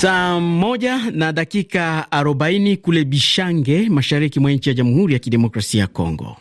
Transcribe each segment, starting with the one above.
Saa moja na dakika arobaini kule Bishange, mashariki mwa nchi ya Jamhuri ya Kidemokrasia ya Kongo.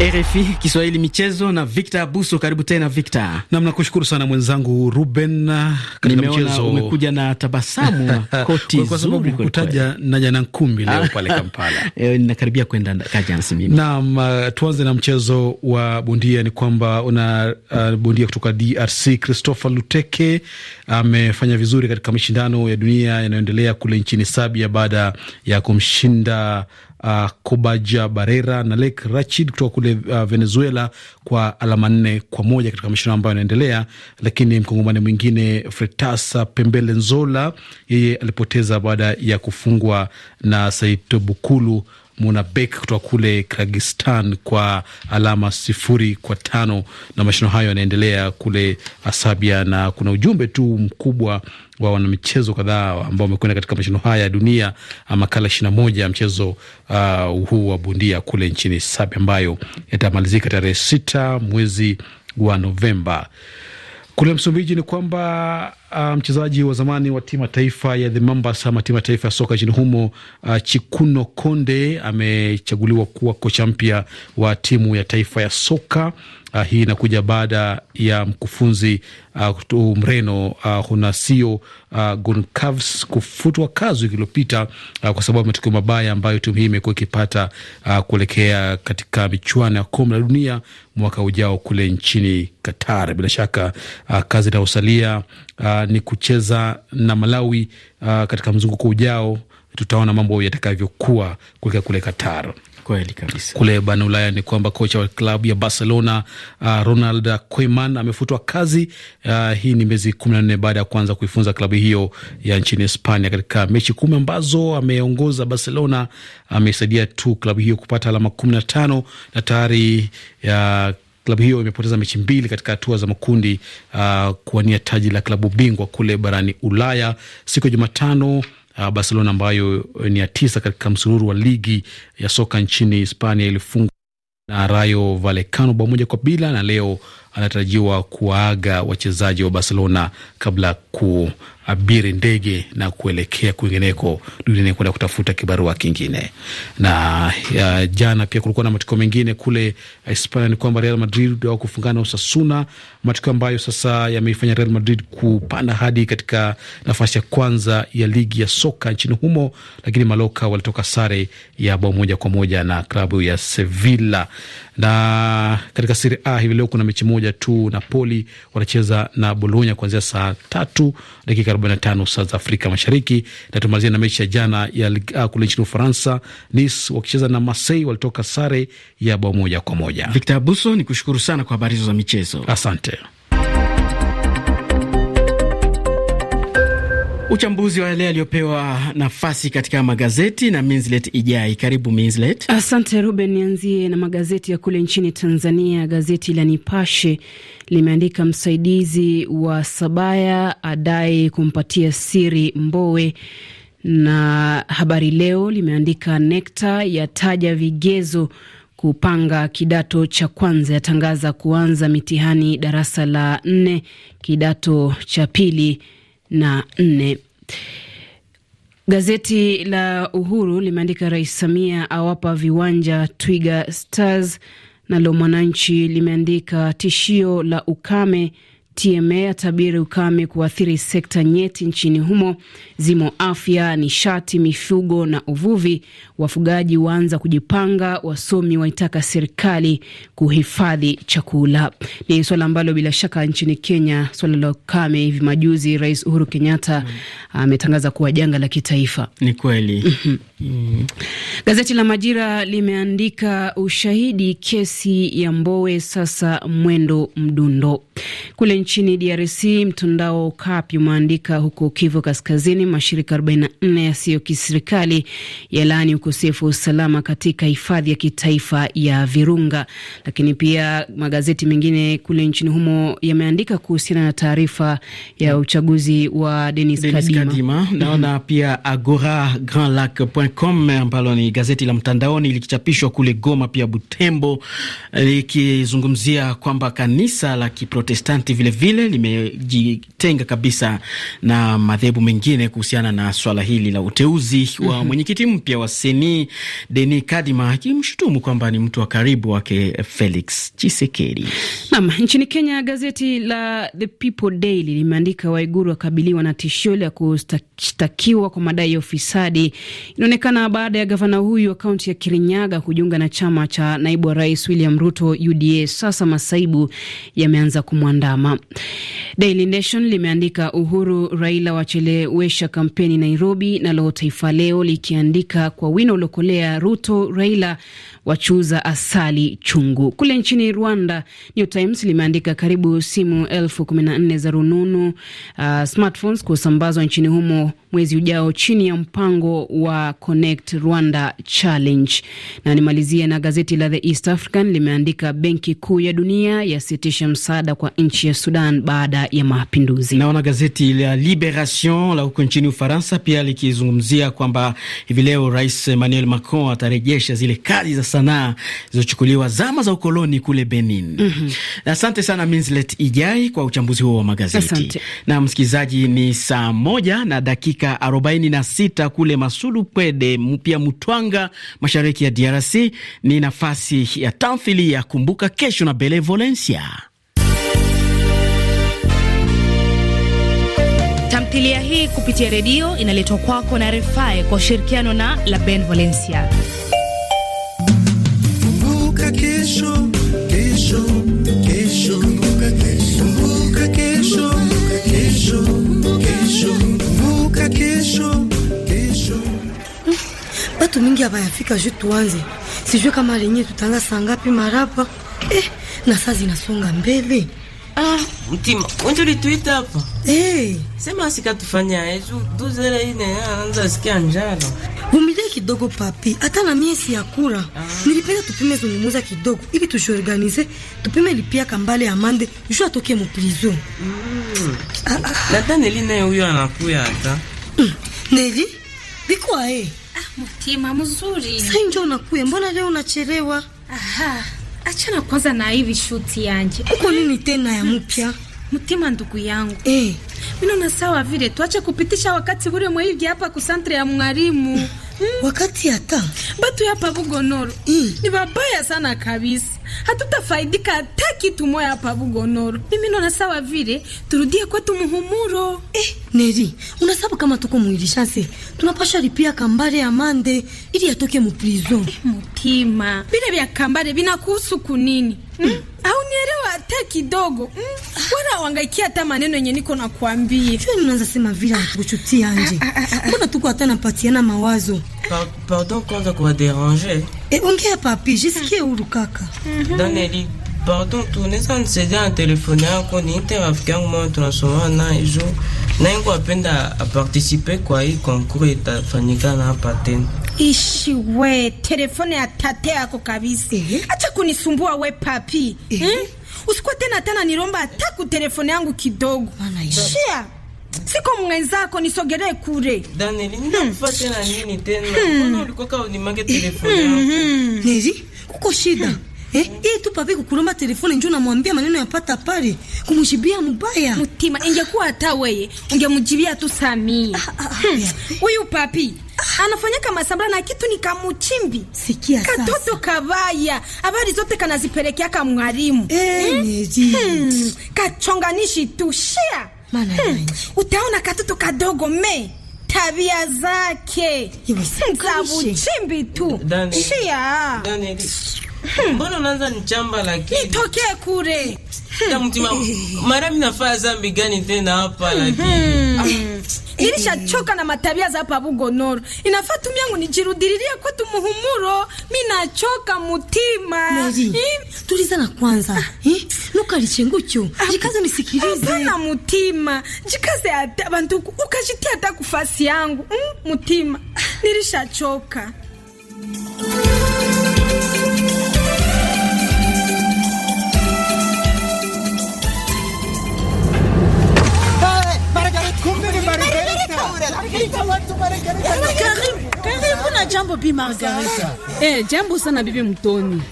RFI Kiswahili michezo na Victor Abuso. Karibu tena Victor. Nam, nakushukuru sana mwenzangu Ruben. Uh, Nimeona umekuja na tabasamu koti zuri kutaja na jana Nkumbi leo ah, pale Kampala. Eo, eh, Ninakaribia kwenda Kajans mimi. Nam, uh, tuanze na mchezo wa bondia. Ni kwamba una uh, bondia kutoka DRC Christopher Luteke amefanya vizuri katika mashindano ya dunia yanayoendelea kule nchini Sabia baada ya kumshinda uh, Kobaja Barera na Lek Rachid kutoka kule kule uh, Venezuela kwa alama nne kwa moja katika mashindano ambayo yanaendelea, lakini mkongomani mwingine Fretasa Pembele Nzola yeye alipoteza baada ya kufungwa na Saito Bukulu Munabek kutoka kule Kragistan kwa alama sifuri kwa tano, na mashindano hayo yanaendelea kule uh, Sabia, na kuna ujumbe tu mkubwa wa wanamichezo kadhaa ambao wamekwenda katika mashindano haya ya dunia, uh, makala ishirini na moja ya mchezo uh, huu wa bundia kule nchini Sabia ambayo yatamalizika tarehe sita mwezi wa Novemba. Kule Msumbiji ni kwamba uh, mchezaji wa zamani wa timu ya taifa ya the Mambas ama timu ya taifa ya soka nchini humo uh, Chikuno Konde amechaguliwa kuwa kocha mpya wa timu ya taifa ya soka Uh, hii inakuja baada ya mkufunzi uh, Mreno uh, ah, Hunasio uh, Goncalves kufutwa kazi wiki iliyopita uh, kwa sababu ya matukio mabaya ambayo timu hii imekuwa ikipata uh, kuelekea katika michuano ya kombe la dunia mwaka ujao kule nchini Qatar. Bila shaka uh, kazi inayosalia uh, ni kucheza na Malawi uh, katika mzunguko ujao. Tutaona mambo yatakavyokuwa kuelekea kule Qatar. Kweli kabisa. Kule barani Ulaya ni kwamba kocha wa klabu ya Barcelona uh, Ronald Koeman amefutwa kazi. Uh, hii ni miezi kumi na nne baada ya kuanza kuifunza klabu hiyo ya nchini Hispania. Katika mechi kumi ambazo ameongoza Barcelona, amesaidia tu klabu hiyo kupata alama kumi na tano na tayari ya uh, klabu hiyo imepoteza mechi mbili katika hatua za makundi uh, kuwania taji la klabu bingwa kule barani Ulaya. Siku ya Jumatano uh, Barcelona ambayo uh, ni ya tisa katika msururu wa ligi ya soka nchini Hispania ilifungwa na Rayo Vallecano bao moja kwa bila, na leo anatarajiwa kuwaaga wachezaji wa Barcelona kabla kuu abiri ndege na kuelekea kwingineko duniani kwenda kutafuta kibarua kingine. Na ya, jana pia kulikuwa na matukio mengine kule Hispania, ni kwamba Real Madrid wao kufungana na Osasuna, matukio ambayo sasa yameifanya Real Madrid kupanda hadi katika nafasi ya kwanza ya ligi ya soka nchini humo, lakini maloka walitoka sare ya bao moja kwa moja na klabu ya Sevilla. Na katika Serie A hivi leo kuna mechi moja tu, Napoli wanacheza na Bologna kuanzia saa tatu dakika 45 saa za Afrika Mashariki. Na tumalizia na mechi ya jana ya uh, kule nchini Ufaransa. Nice wakicheza na Marseille walitoka sare ya bao moja kwa moja. Victor Abuso, ni kushukuru sana kwa habari hizo za michezo, asante. Uchambuzi wa yale aliyopewa nafasi katika magazeti na Minslet Ijai. Karibu Minslet. Asante Ruben, nianzie na magazeti ya kule nchini Tanzania. Gazeti la Nipashe limeandika msaidizi wa Sabaya adai kumpatia siri Mbowe na Habari Leo limeandika Nekta yataja vigezo kupanga kidato cha kwanza, yatangaza kuanza mitihani darasa la nne, kidato cha pili na nne. Gazeti la Uhuru limeandika Rais Samia awapa viwanja Twiga Stars. Nalo Mwananchi limeandika tishio la ukame TMA atabiri ukame kuathiri sekta nyeti nchini humo zimo afya, nishati, mifugo na uvuvi. Wafugaji waanza kujipanga, wasomi waitaka serikali kuhifadhi chakula. Ni swala ambalo bila shaka nchini Kenya, swala la ukame. Hivi majuzi Rais Uhuru Kenyatta ametangaza mm, kuwa janga la kitaifa. Ni kweli mm -hmm. mm. Gazeti la Majira limeandika ushahidi kesi ya Mbowe sasa mwendo mdundo kule nchini DRC, mtandao Okapi umeandika huko Kivu Kaskazini, mashirika 44 yasiyo kiserikali yalaani ukosefu wa usalama katika hifadhi ya kitaifa ya Virunga. Lakini pia magazeti mengine kule nchini humo yameandika kuhusiana na taarifa ya uchaguzi wa Denis Kadima, mm-hmm. Naona mm -hmm. pia Agora Grandlac.com ambalo ni gazeti la mtandaoni likichapishwa kule Goma pia Butembo likizungumzia kwamba kanisa la Kiprotestanti vile vile limejitenga kabisa na madhehebu mengine kuhusiana na swala hili la uteuzi wa mhm. mwenyekiti mpya wa Seni Denis Kadima, akimshutumu kwamba ni mtu wa karibu wake Felix Chisekedi. Naam, nchini Kenya gazeti la The People Daily limeandika Waiguru wakabiliwa na tishio la kushtakiwa kwa madai ya ufisadi. Inaonekana baada ya gavana huyu wa kaunti ya Kirinyaga kujiunga na chama cha naibu wa rais William Ruto UDA, sasa masaibu yameanza kumwandama. Daily Nation limeandika Uhuru Raila wachelewesha kampeni Nairobi, nalo Taifa Leo likiandika kwa wino uliokolea Ruto Raila wachuza asali chungu. Kule nchini Rwanda, New Times limeandika karibu simu elfu kumi na nne za rununu uh, smartphones kusambazwa nchini humo mwezi ujao chini ya mpango wa Connect Rwanda Challenge. Na nimalizie na gazeti la The East African limeandika benki kuu ya dunia yasitisha msaada kwa nchi ya Sudan Sudan baada ya mapinduzi. Naona gazeti la Liberation la huko nchini Ufaransa pia likizungumzia kwamba hivi leo Rais Emmanuel Macron atarejesha zile kazi za sanaa zilizochukuliwa zama za ukoloni kule Benin. mm -hmm. Asante sana Minslet Ijai kwa uchambuzi huo wa magazeti. Asante. Na msikilizaji, ni saa moja na dakika arobaini na sita kule Masudu Pwede mpya Mutwanga, mashariki ya DRC. Ni nafasi ya tamthili ya Kumbuka Kesho na Benevolencia. Tamthilia hii kupitia redio inaletwa kwako na Refae kwa ushirikiano na La Ben Valencia. Batu mingi abayafika ju tuanze, sijue kama lenye tutanga sangapi ngapi marapa eh, na saa zinasonga mbele Ah, mtima, unje ulituita hapa? Eh, Hey. Sema sika tufanya hizo eh, duzera ine ah, anza sikia njalo. Vumilia kidogo papi, hata na mie si yakura. Ah. Nilipenda tupime zungumuza kidogo ili tujiorganize, tupime lipia kambale amande, jua atoke mu prison. Mm. Ah, ah. Na tena ile nayo huyo anakuya hata. Mm. Neli? Biko ae. Eh? Ah, mtima mzuri. Sasa njoo nakuya, mbona leo unachelewa? Aha achana kwanza na hivi shuti yanje. Uko nini tena ya mpya? Mtima ndugu yangu. Eh. Mimi na sawa vile tuache kupitisha wakati bure mwivi hapa ku centre ya mwalimu. Hmm. Wakati hata. Batu hapa Bugonoro. Mm. Eh. Ni babaya sana kabisa hatutafaidika hata kitu moya hapa Bugonoro. Mimi naona sawa vile turudie kwetu muhumuro. Eh, Neri, unasabu kama tuko muilishanse. Tunapasha lipia kambare ya mande ili atoke mu prison. Eh, mutima. Bile vya kambare vinakuhusu kunini? mm? Haunielewa hata kidogo mm? Wala hata maneno yenye niko nakwambia. Chua unaanza sema vile kuchutia nje. Ah, ah, ah, Mbona tuko hata napatiana mawazo? Par pardon kwanza kwa deranger. Eh, ongea papi, jisikie huru kaka. Mm-hmm. Daneli, pardon tu unaweza nisaidia na telefoni yako ni interafiki yangu mwana tunasoma na ijo. Na yangu apenda a participer kwa hii concours itafanyikana hapa tena. Ishi we, telefone ya tate yako kabisa. Eh? Acha kunisumbua we papi. Hmm? Eh? Eh? Usikuwa tena tena niromba hata ku telefone yangu kidogo. Shia. Siko mwenzako nisogelee kule. Daniel, nitakufa hmm. tena nini hmm. tena? Mbona ulikuwa kama unimange hmm. telefone yako? Nizi? uko shida. Eh, yeye tu papi kukulomba telefone njoo namwambia maneno ya pata pale kumshibia mbaya. Mutima ingekuwa hata wewe ungemjibia tu Samia. Ah, ah, ah, Huyu papi anafanya kama sambla na kitu ni kamuchimbi. Sikia sasa, katoto kabaya habari zote kanazipelekea ka mwalimu eh, eh? hmm. kachonganishi tu shia. Mana hmm. utaona katoto kadogo me tabia zake hmm, zabuchimbi tu Dani, shia Dani. Hmm. Mbona unaanza nichamba lakini? Nitokee kule. Hmm. Mara mimi nafaa zambi gani tena hapa lakini? Ah. Eh. choka na matabia za hapa Bugonoro. Inafaa tumi yangu nijirudiririe kwetu muhumuro, mimi nachoka mutima. Tuliza na kwanza. nuka ah. lichengucho. Ah. Jikaze nisikilize. Hapana mutima. Jikaze hata bantu ukajitia hata kufasi yangu. Mm, mutima. Ah. choka. Eh, karibu na jambo Bi Margareta. Eh, jambo sana bibi Mtoni.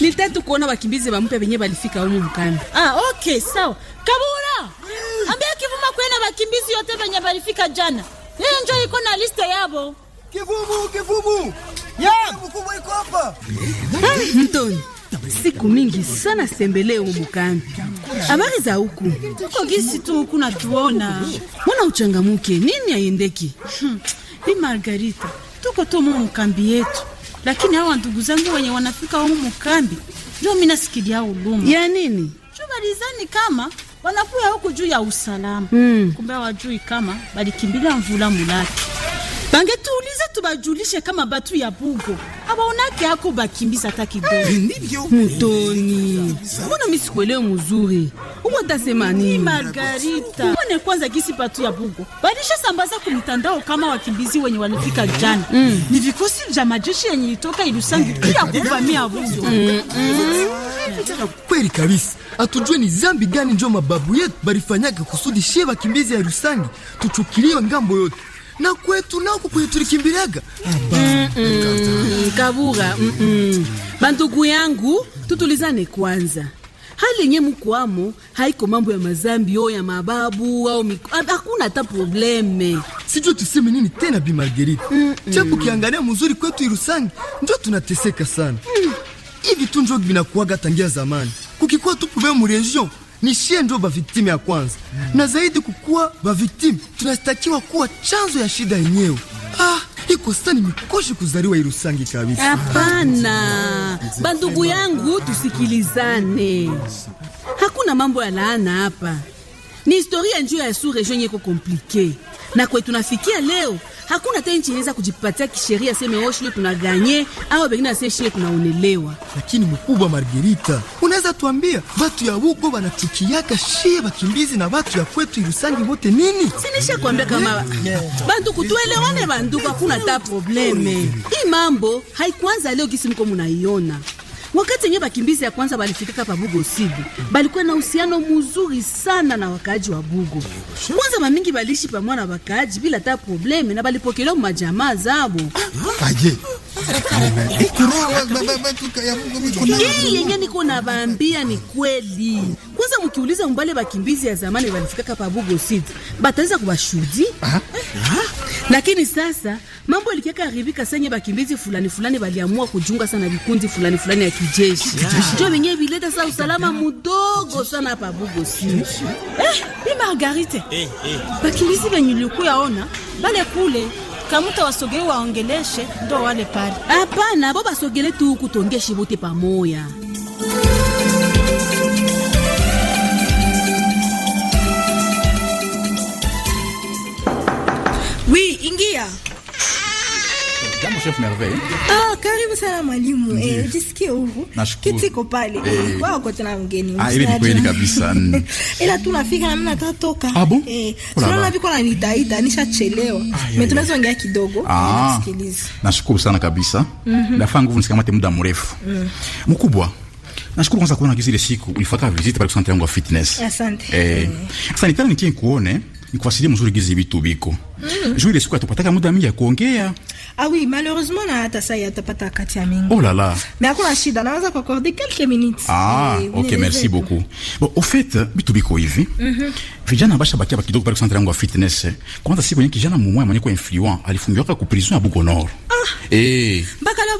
Nilitaka kuona wakimbizi wa mpya wenyewe walifika huko mkambi. Ah, okay, sawa. Kabura. Ambia kivuma kwenda wakimbizi yote wenyewe walifika jana. Yeye ndio iko na liste yabo. Kivumu, kivumu. Ya. Mtoni siku mingi sana sembelee humu kambi. Habari za huku? Tuko gisi tu huku natuona. Mbona uchangamuke? Nini haiendeki? Hmm. Ni Margarita, tuko tu mu mkambi yetu, lakini hawa ndugu zangu wenye wanafika humu mkambi ndio mimi nasikilia uluma ya nini chubalizani kama wanakuya huku juu ya usalama. Hmm. Kumbe hawajui kama balikimbilia mvula mulaki Bangetuuliza tubajulishe kama batu ya bugo abaonake ako bakimbisa hata kidogo. Mutoni, mbona misikuelewe muzuri? Uko tasema nini? Margarita, mbona kwanza gisi batu ya bugo balisha sambaza kumitandao kama wakimbizi wenye walifika jana mm. Ni vikosi vya majeshi yenye itoka Ilusangi mm. pia kuvamia bugo mm. mm. Kweli kabisa, atujue ni zambi gani njo mababu yetu barifanyaka kusudi shie bakimbizi ya rusangi tuchukiliwe ngambo yote na kwetu nako kwenye tulikimbiliaga mm -mm, Kabura Bandugu yangu tutulizane kwanza, hali yenye mkuamo haiko mambo ya mazambi o ya mababu au ah, hakuna hata probleme. Sijue tuseme nini tena, Bi Margarita. mm -mm. Chapo kiangalia mzuri kwetu Irusangi njo tunateseka sana mm. Hivi tu njo binakuwaga tangia zamani, kukikuwa tu probleme mu region nishie ndio bavictimu ya kwanza mm. na zaidi kukuwa bavictimu tunastakiwa kuwa chanzo ya shida yenyewe ah, ikosani mikoshi kuzaliwa irusangi kabisa. Hapana bandugu yangu, tusikilizane, hakuna mambo ya laana hapa, ni historia njio ya su region yeko komplike na kwe tunafikia leo, hakuna hata nchi inaweza kujipatia kisheria seme wo oh, tunaganye au bengine ase shile tunaonelewa. Lakini mkubwa Margerita unaweza tuambia watu ya huko wanachukiaka shie wakimbizi na watu ya kwetu irusangi wote nini? Sinisha kuambia kama bantu kutuelewane, bantu hakuna ta probleme. Hii mambo haikuanza leo gisi mko munaiona. Wakati yenyewe bakimbizi ya kwanza balifikaka pa Bugo Sidi, balikuwa na uhusiano mzuri sana na wakaaji wa Bugo. Kwanza bamingi baliishi pamoja na wakaaji bila ta probleme na balipokelewa majamaa zabo. Aje. Hii yenye niko ni kweli. Kwanza mkiuliza mbale bakimbizi ya zamani walifikaka pa Bugo City, bataweza kuwashudi. Lakini sasa mambo ilikeka haribika senye bakimbizi fulani fulani waliamua kujunga sana vikundi fulani fulani ya kijeshi. Ndio wenyewe vileta sasa usalama mdogo sana hapa Bugo City. Eh, Margarite. Eh, bakimbizi eh. wenye ulikuwa bale kule kamuta wasogele waongeleshe ndo wale pale. Hapana, bo basogele tu huku bote pamoya. Wi, ingia Chef Merveille. Ah, karibu sana mwalimu. Eh, jisikie huru. Kitiko kiko pale. Wao eh. kwa tena mgeni. Ah, ile ni kweli kabisa. Mm. Ila tu nafika na mimi natatoka. Ah, bon? Eh, Sasa na biko na nitaita nishachelewa. Ah, mimi tunaweza ongea kidogo. Ah. Nisikilize. Nashukuru sana kabisa. Mhm. Nafanya nguvu nisikamate muda mrefu. Mm. Mkubwa. Nashukuru kwanza kuona gizi ile siku ulifaka visit pale kwa centre yangu ya fitness. Asante. Eh, sasa nitaka nikie kuone nikuwasilie mzuri gizi vitu biko. Mm. Juu ile siku atupataka muda mingi ya kuongea. Ah oui, malheureusement na hata sasa yatapata wakati ya mingi. Oh là là. Mais hakuna shida, naweza kuaccorder quelques minutes. Ah, eh, OK, merci beaucoup. Bon, au fait, bitu biko hivi. Mhm. Vijana basha bakia bakidogo pale centre yangu ya fitness. Kwanza siku yenye kijana mmoja mwenye kwa influent alifungiwa kwa prison ya Bukonoro. Ah. Eh. Baka leo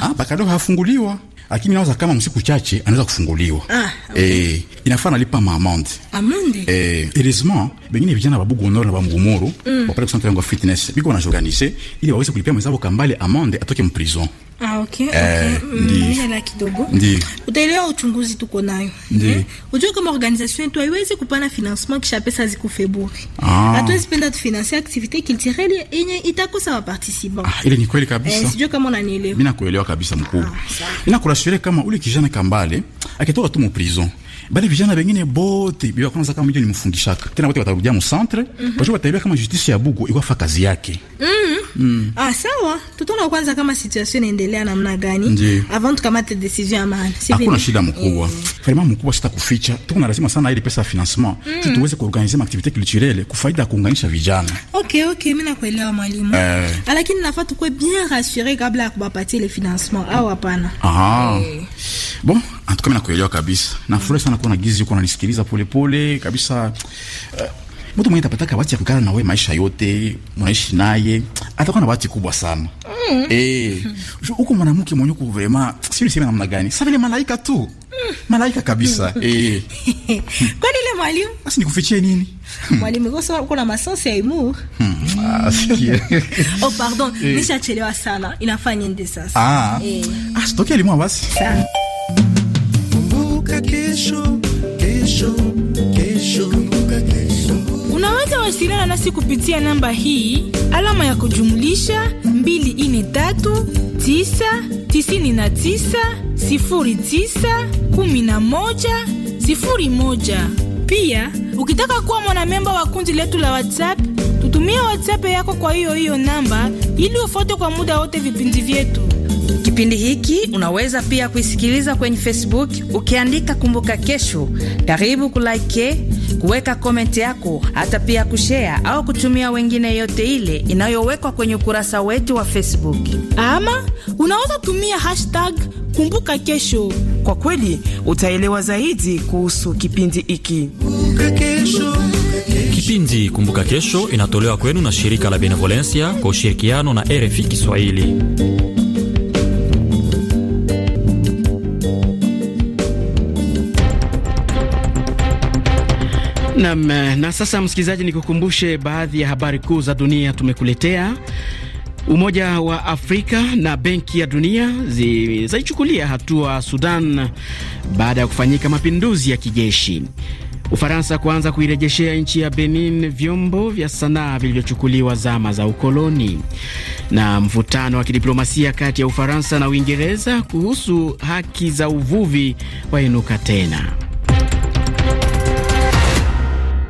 Ah, baka leo hafunguliwa lakini naweza kama msiku chache anaweza kufunguliwa. Ah, okay. Eh, inafaa nalipa maamande amande. Eh, heureusement bengine vijana babugu noro na bamugumuru mm. wapale kusanta yango fitness biko wanajiorganize ili waweze kulipia mwenzao kambale amande atoke mprison Ah, okay, eh, okay. Mm, ndi. Utaelewa uchunguzi tuko nayo. Eh? Unajua kama organization yetu haiwezi kupana financement kisha pesa zikufeburi. Ah. Hatuwezi penda tu activite culturelle yenye itakosa wa Ah, ile ni kweli kabisa. Eh, sijui kama unanielewa. Mimi nakuelewa kabisa mkuu. Ah, Ninakurashiria kama ule kijana Kambale akitoka tu mu prison bale vijana bengine bote biwa kwanza kama hiyo nimfundishaka tena wote watarudia mu centre mm -hmm. wataelewa kama justice ya Bugo iko kazi yake mm mm. Ah, sawa, tutaona kwanza kama situation inaendelea namna gani avant tukamate decision ya maana. Hakuna shida mkubwa mm. vraiment mkubwa, sita kuficha tuko na lazima sana ile pesa ya financement mm. tuweze kuorganize activite culturelle kufaida kuunganisha vijana. Okay, okay, mimi nakuelewa mwalimu eh. Ah, lakini nafaa tukue bien rassure kabla ya kubapatia ile financement au hapana? Ah, hey. Eh. bon Antuka, mimi kuelewa kabisa. Na Nafurahi sana kuona Gizi yuko ananisikiliza pole pole kabisa. Uh, mtu mwenye tapataka bahati ya kukana na wewe maisha yote, mnaishi naye, atakuwa na bahati kubwa sana. Mm. Eh, huko mwanamke mwenye uko vraiment, si niseme namna gani? Sasa vile malaika tu. Mm. Malaika kabisa. Mm. Eh. Kwa nini mwalimu? Basi nikufichie nini? Mwalimu kwa sababu uko na masosi ya imu. Hmm. Ah, Oh, pardon, eh. nishachelewa sana. Inafanya nini sasa? Ah. Eh. Ah, sitoki alimu basi. Sana. Unaweza wasiliana nasi kupitia namba hii alama ya kujumlisha 24399091101. Pia ukitaka kuwa mwanamemba wa kundi letu la WhatsApp tutumie WhatsApp yako kwa hiyo hiyo namba ili ufuate kwa muda wote vipindi vyetu. Kipindi hiki unaweza pia kuisikiliza kwenye Facebook ukiandika Kumbuka Kesho. Karibu kulike, kuweka komenti yako, hata pia kushea au kutumia wengine, yote ile inayowekwa kwenye ukurasa wetu wa Facebook. Ama unaweza tumia hashtag Kumbuka Kesho. Kwa kweli utaelewa zaidi kuhusu kipindi hiki. Kipindi Kumbuka Kesho inatolewa kwenu na shirika la Benevolencia kwa ushirikiano na RFI Kiswahili. Nam. Na sasa, msikilizaji, nikukumbushe baadhi ya habari kuu za dunia tumekuletea. Umoja wa Afrika na Benki ya Dunia zaichukulia hatua Sudan baada ya kufanyika mapinduzi ya kijeshi. Ufaransa kuanza kuirejeshea nchi ya Benin vyombo vya sanaa vilivyochukuliwa zama za ukoloni. Na mvutano wa kidiplomasia kati ya Ufaransa na Uingereza kuhusu haki za uvuvi wainuka tena.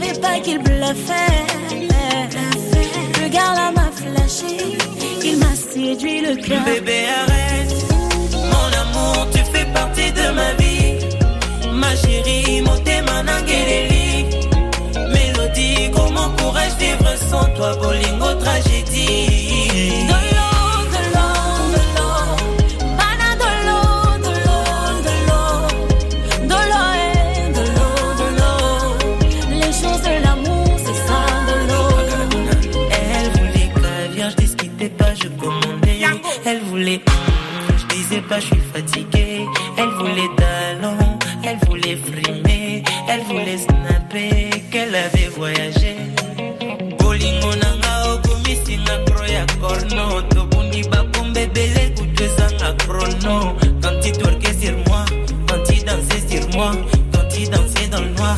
savais pas qu'il bluffait. Le gars là m'a flashé, il m'a séduit le cœur. Bébé, arrête, mon amour, tu fais partie de ma vie. Ma chérie, mon Léli Mélodie, comment pourrais-je vivre sans toi, Bolingo, tragédie? je commandais. Elle voulait, je disais pas, je suis fatigué. Elle voulait talent, elle voulait frimer, elle voulait snapper, qu'elle avait voyagé. bolingo na nga okomisi nga cro ya les coups de sang à chrono quand tu twerkais sur moi quand tu dansais sur moi quand tu dansais dans le noir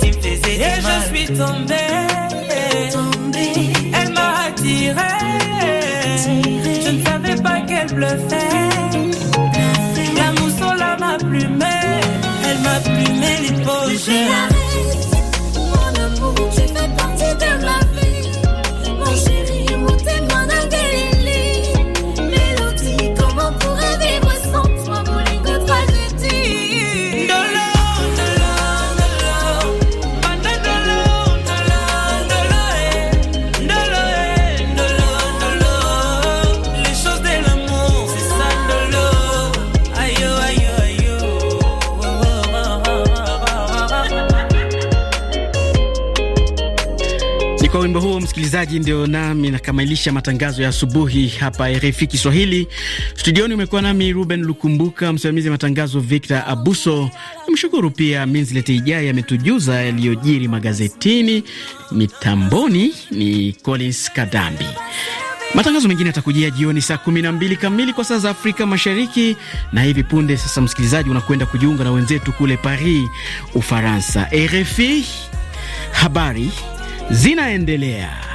tu me faisais mal et je suis tombée elle m'a attiré qu'elle fait, La moussola m'a plumé, elle m'a plumé les poches. msikilizaji, ndio nami nakamilisha matangazo ya asubuhi hapa RFI Kiswahili. Studioni umekuwa nami Ruben Lukumbuka, msimamizi wa matangazo Victor Abuso. Nimshukuru pia Minslet Ijai ametujuza yaliyojiri magazetini. Mitamboni ni Collins Kadambi. Matangazo mengine yatakujia jioni saa 12 kamili kwa saa za Afrika Mashariki. Na hivi punde sasa, msikilizaji, unakwenda kujiunga na wenzetu kule Paris, Ufaransa. RFI habari zinaendelea.